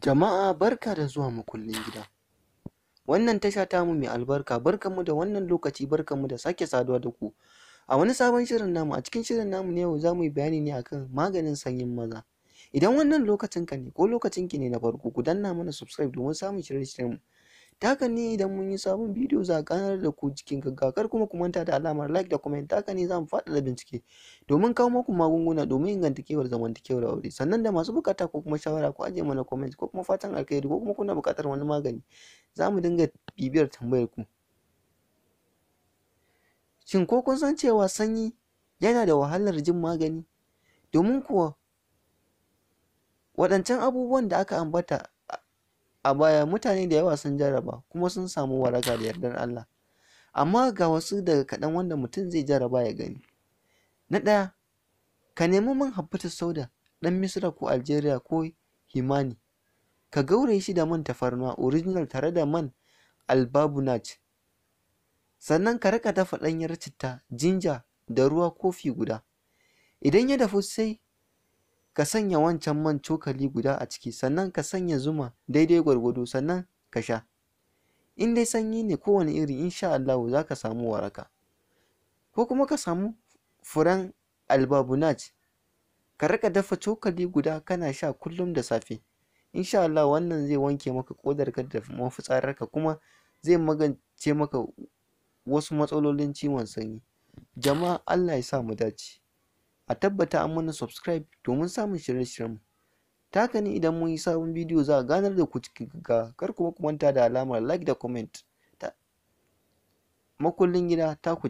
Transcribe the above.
Jama'a barka da zuwa makullin gida. Wannan tasha tamu mai albarka barkanmu da wannan lokaci barkanmu da sake saduwa da ku. A wani sabon shirin namu a cikin shirin namu ne yau za mu yi bayani ne akan maganin sanyin maza. Idan wannan lokacin ka ne ko lokacin ki ne na farko ku danna mana subscribe domin samun shirye-shiryenmu. ta ne idan mun yi sabon bidiyo za a ganar da ku cikin gaggakar kuma ku manta da alamar like da comment ta ne za mu da bincike domin kawo muku magunguna domin inganta kewar zamantakewar aure sannan da masu bukata ko kuma shawara ku ajiye mana comment ko kuma fatan alkhairi ko kuma kuna bukatar wani magani za mu dinga bibiyar tambayar ku shin ko kun san cewa sanyi yana da wahalar jin magani domin kuwa waɗancan abubuwan da aka ambata A baya mutane da yawa sun jarraba kuma sun samu waraka da yardar Allah. Amma ga wasu daga kaɗan wanda mutum zai jarraba ya gani. Na ɗaya, ka nemi man habbatar sauda ɗan Misira ko Algeria ko Himani. Ka gaure shi da man tafarnuwa original tare da man albabunat. Sannan ka rika dafa ɗanyar citta, jinja da ruwa kofi guda. Idan ya dafu sai ka sanya wancan man cokali guda a ciki sannan ka sanya zuma daidai gwargwado sannan ka sha in dai sanyi ne kowane iri insha Allah za ka samu waraka ko kuma ka samu furen albabunaj ka rika dafa cokali guda kana sha kullum da safe insha Allah wannan zai wanke maka kodarka da mafitsararka kuma zai magance maka wasu matsalolin ciwon sanyi jama'a Allah ya sa mu dace a tabbata an mana subscribe domin samun shirye-shiryen ta haka ni idan mun yi sabon bidiyo za a ganar da ku cikin gaggawa kar kuma ku da alamar like da comment makullin gida ta ku